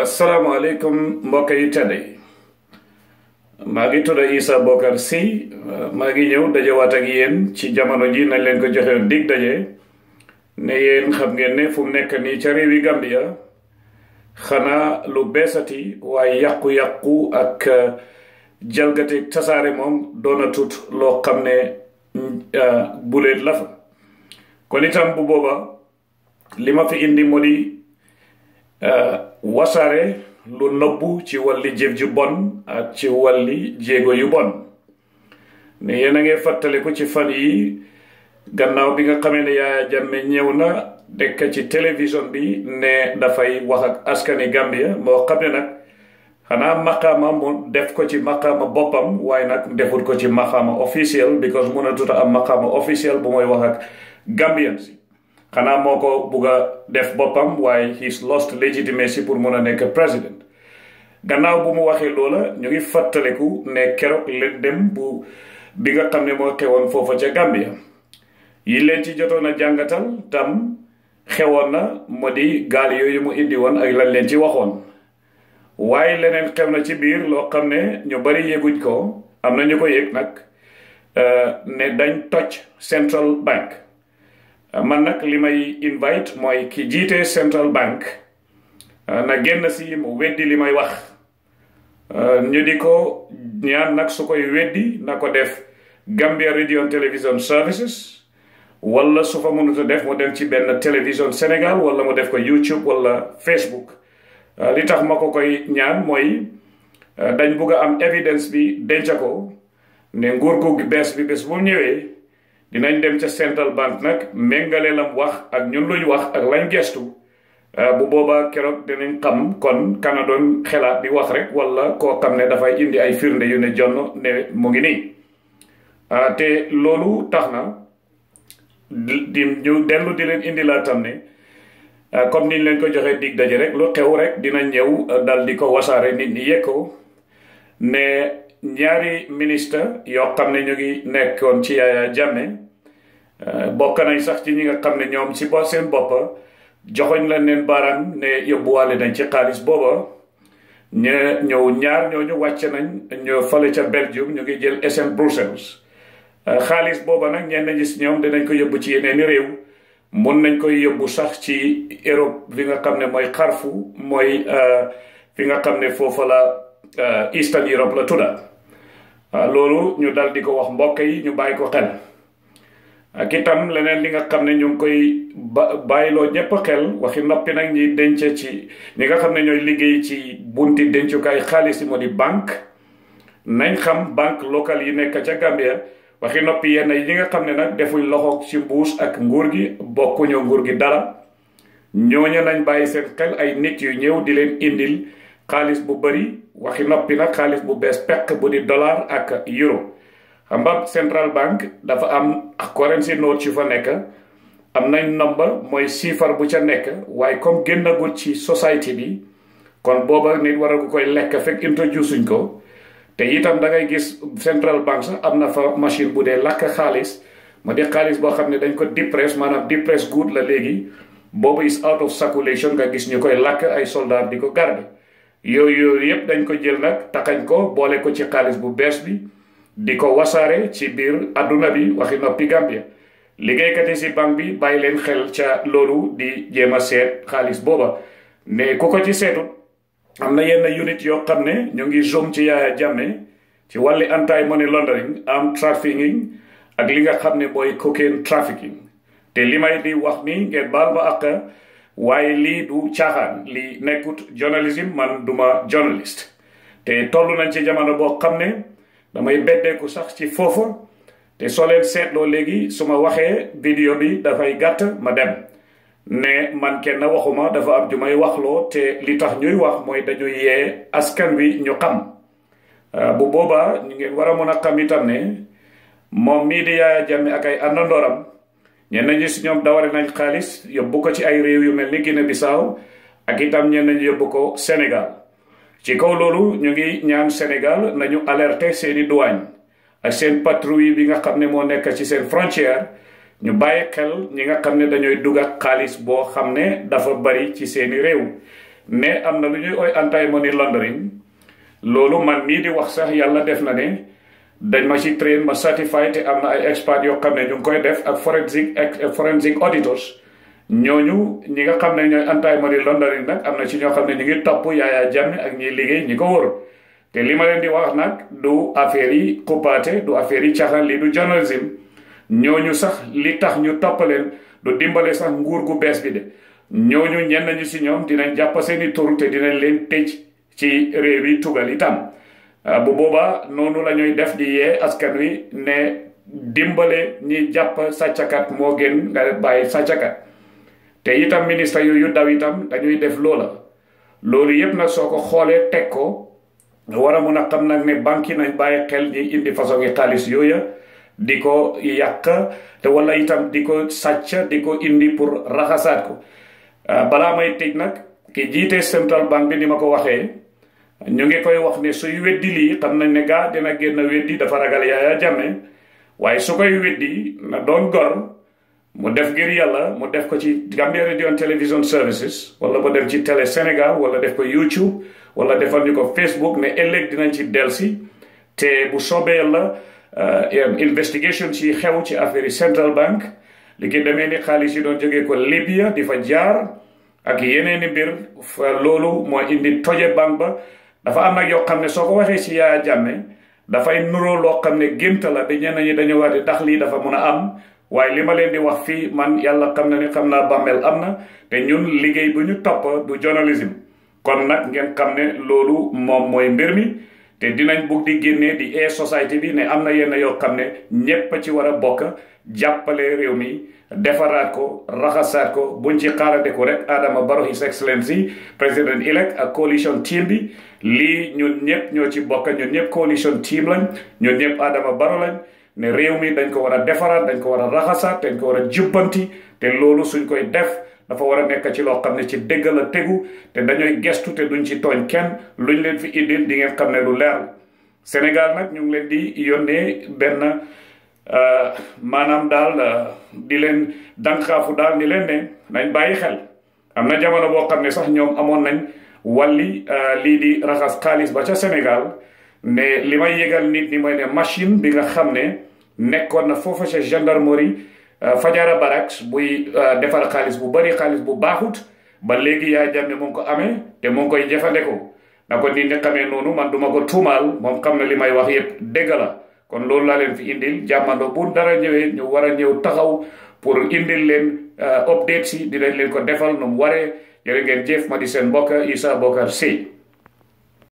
asalaamaaleykum mbokk yi tedd yi maa ngi tudd Essa Bokarr Sy maa ngi ñëw dajewaat ak yéen ci jamono ji nañ leen ko joxee dig daje ne yéen xam ngeen ne fu mu nekk nii ca réewi Gambia xanaa lu beesati waaye yàqu-yàqu ak eh, jalgati tasaare moom doona tut loo xam ne eh, bu leen la fa kon itam bu booba li fi indi moo di eh, wasaare lu nëbbu ci wàlli jëf ju bon ak ci wàlli jéego yu bon ne yéen a ngi fàttaliku ci fan yi gannaaw bi nga xamee ne Yaya Jammeh ñëw na dekk ci télévision bi ne dafay wax ak askani Gambia moo xam ne nag xanaa maqaama mu def ko ci maqaama boppam waaye nag defut ko ci maqaama officiel because mënatut a am maqaama officiel bu mooy wax ak si xanaa moo ko bugg def boppam waaye he's lost legitimacy pour mun a nekk président gannaaw bu mu waxee loola ñu ngi fàttaliku ne keroog leen dem bu bi nga xam ne moo xewoon foofa ca Gambia yi leen ci jotoon a jàngatal tam xewoon na moo di gaal yooyu mu indi woon ak lan leen ci waxoon waaye leneen xew na ci biir loo xam ne ñu bari yëguñ ko am na ñu ko yëg nag euh, ne dañ toj Central Bank Euh, man nag li may invite mooy ki jiite central bank euh, na genn si mu weddi li may wax euh, ñu di ko ñaan nag su koy weddi na ko def Gambia Radio and Television Services wala su fa mënut a def moo dem ci benn télévision Sénégal wala mu def ko YouTube wala Facebook li tax ma ko koy ñaan mooy dañ bugg a am évidence bi denca ko ne nguur gu bees bi bés bu ñëwee dinañ dem ca central bank nag méngale lam wax ak ñun luñ wax ak lañ gestu euh, bu booba keroog dinañ xam kon kana doon xelaat di wax rek wala koo xam ne dafay indi ay firnde yu ne jonn ne mu ngi nii euh, te loolu tax na di ñu dellu di leen indi laa tam ne euh, comme niñ leen ko joxee dig daje rek lu xew rek dina ñëw dal di ko wasaare nit ñi yekko ne Nyari minister yoo xam ne ñu ngi nekkoon ci yaaya euh, jàmme euh, bokk nañ sax ci ñi nga xam ne ñoom si bo seen bopp joxoñ la neen baram ne yóbbuwaale nañ ci xaalis booba ñe ñëw ñaar ñooñu wàcc nañ ñu fale ca belgium ñu ngi jël sm brussels euh, xaalis booba nag ñenn ñi si ñoom dinañ ko yóbbu ci yeneen réew mun nañ koy yóbbu sax ci europe li nga xam ne mooy xarfu mooy fi nga xam ne foofa la eastern europe la tudda Ah, loolu ñu dal di ko wax mbokk yi ñu bàyyi ko xel ak itam leneen li nga xam ne ñu ngi koy ba bàyyiloo ñépp xel waxi noppi nag ñi denc ci ñi nga xam ne ñooy liggéey ci bunti dencukaay xaalis yi moo di banque nañ xam banque locale yi nekk ca Gambia waxi noppi yenn yi nga xam ne nag defuñ loxo ci mbuus ak nguur gi bokkuñoo nguur gi dara ñooñu nañ bàyyi seen xel ay nit yu ñëw di leen indil xaalis bu bari waxi noppi nag xaalis bu bees pekk bu di dollar ak euro xam central bank dafa am currency note ci fa nekk am nañ nomba mooy siifar bu ca nekk waaye comme génnagul ci society bi kon booba nit war ko koy lekk fekk introducuñ ko te itam da ngay gis central bank sax am na fa machine bu dee lakk xaalis ma di xaalis boo xam ne dañ ko depress maanaam depress good la léegi boobu is out of circulation nga gis ñu koy lakk ay soldat di ko garder yooyu yooyu yëpp dañ ko jël nag taxañ ko boole ko ci xaalis bu bees bi di ko wasaare ci biir adduna bi waxi noppi Gambia liggéeykat yi si banque bi bàyyi leen xel ca loolu di jéem a seet xaalis booba mais ku ko ci seetu am na yenn unit yoo xam ne ñu ngi zoom ci Yahya Jammeh ci wàlli anti money laundering arms trafficking ak li nga xam ne mooy cocaine trafficking te li may di wax ni ngeen baal ma àq waaye lii du caaxaan lii nekkut journalisme man duma journaliste te toll nañ ci jamono boo xam ne damay beddeeku sax ci foofu te soo leen seetloo léegi su ma waxee vidéo bi dafay gàtt ma dem ne man kenn waxuma dafa am ju may waxloo te li tax ñuy wax mooy dañu yee askan wi ñu xam euh, bu boobaa ñu ngeen war a mën a xam itam ne moom mii di Yaya Jammeh ak ay àndandooram ñen ñi ci ñom dawari nañ xaalis yobbu ko ci ay réew yu melni Guinée Bissau ak itam ñen ñi yobbu ko Sénégal ci kaw loolu ñu ngi ñaan Sénégal nañu alerter seeni douane ak seen patrouille bi nga xam ne moo nekk ci seen frontière ñu bàyyi xel ñi nga xam ne dañooy ak xaalis boo xam ne dafa bari ci seeni réew mais am na lu ñuy oy anti money laundering loolu man mii di wax sax yàlla def na ne dañ ma ci train ma certified te am na ay expert yoo xam ne ñu ngi koy def ak forensic forensic auditors ñooñu ñi nga xam ne ñooy anti money laundering nag am na ci ñoo xam ne ñu ngi topp yaaya jàmme ak ñi liggéey ñi ko wër te li ma leen di wax nag du affaire yi du affaire yi caxan li du journalisme ñooñu sax li tax ñu topp leen du dimbale sax nguur gu bees bi de ñooñu ñenn ñu si ñoom dinañ jàpp i tur te dinañ leen tëj ci réew yi tugal itam Euh, bu boobaa noonu la ñuy def di yee askan wi ne dimbale ñi jàpp sàccakat moo gën nga bàyyi sàccakat te itam ministre yu daw itam dañuy def loola loolu yëpp nag soo ko xoolee teg ko war a mun a xam nag ne banque yi nañ bàyyi xel di indi façon yi xaalis yooya di ko yàq te wala itam di ko sàcc di ko indi pour raxasaat ko euh, balaa may tëj nag ki jiite central banque bi ni ma ko waxee ñu nge koy wax ne suy weddi lii xam nañ ne gaa dina génn weddi dafa ragal Yaya Jammeh waaye su koy weddi na doon gor mu def ngir yàlla mu def ko ci Gambia Radio and Television Services wala mu def ci Télé Sénégal wala def ko YouTube wala defal ñu ko Facebook ne ëllëg dinañ ci delsi te bu soobee yàlla eh, investigation ci xew ci affaire yi Central Bank li ngi demee ni xaalis yi doon jógee ko Libya di fa jaar ak yeneen i mbir loolu moo indi toje ba dafa am nag yoo xam ne soo ko waxee si Yaya Jammeh dafay nuroo loo xam ne gént la ba ñenn ñi dañu wax di ndax lii dafa mun a am waaye li ma leen di wax fii man yàlla xam na ni xam naa bàmmeel am na te ñun liggéey bu ñu topp du journalisme kon nag ngeen xam ne loolu moom mooy mbir mi te dinañ bugg di génnee di e société bi ne am na yenn yoo xam ne ñépp ci war a bokk jàppale réew mi defaraat ko raxasaat ko buñ ci xaarate ko rek Adama Barrow His Excellency président elect ak coalition team bi lii ñun ñëpp ñoo ci bokk ñun ñëpp coalition team lañ ñun ñëpp Adama baro lañ ne réew mi dañ ko war a defaraat dañ ko war a raxasaat dañ ko war a jubbanti te loolu suñ koy def dafa war a nekk ci loo xam ne ci dégg la tegu te dañooy gestu te duñ ci tooñ kenn luñ leen fi indil di ngeen xam ne lu leer la Sénégal nag ñu ngi leen di yónnee benn euh, maanaam daal euh, di leen dànqaafu daal ni leen ne nañ bàyyi xel am na jamono boo xam ne sax ñoom amoon nañ walli euh, lii di raxas xaalis ba ca Sénégal ne li may yëgal nit ñi mooy ne machine bi nga xam ne nekkoon na foofa ca gendarmerie Euh, Fajara Barracks buy euh, defar xaalis bu bari xaalis bu baaxut ba léegi yaa jàmme mu ko amee te mu ngi koy jëfandikoo na ko nit ñi xamee noonu man duma ko tuumaal moom xam na li may wax yépp dégg la kon loolu laa leen fi indil jàmmandoo bu dara ñëwee ñu war a ñëw taxaw pour indil leen euh, update si dinañ leen ko defal nu mu waree jërë ngeen jëf ma di seen mbokk Essa Bokarr Seye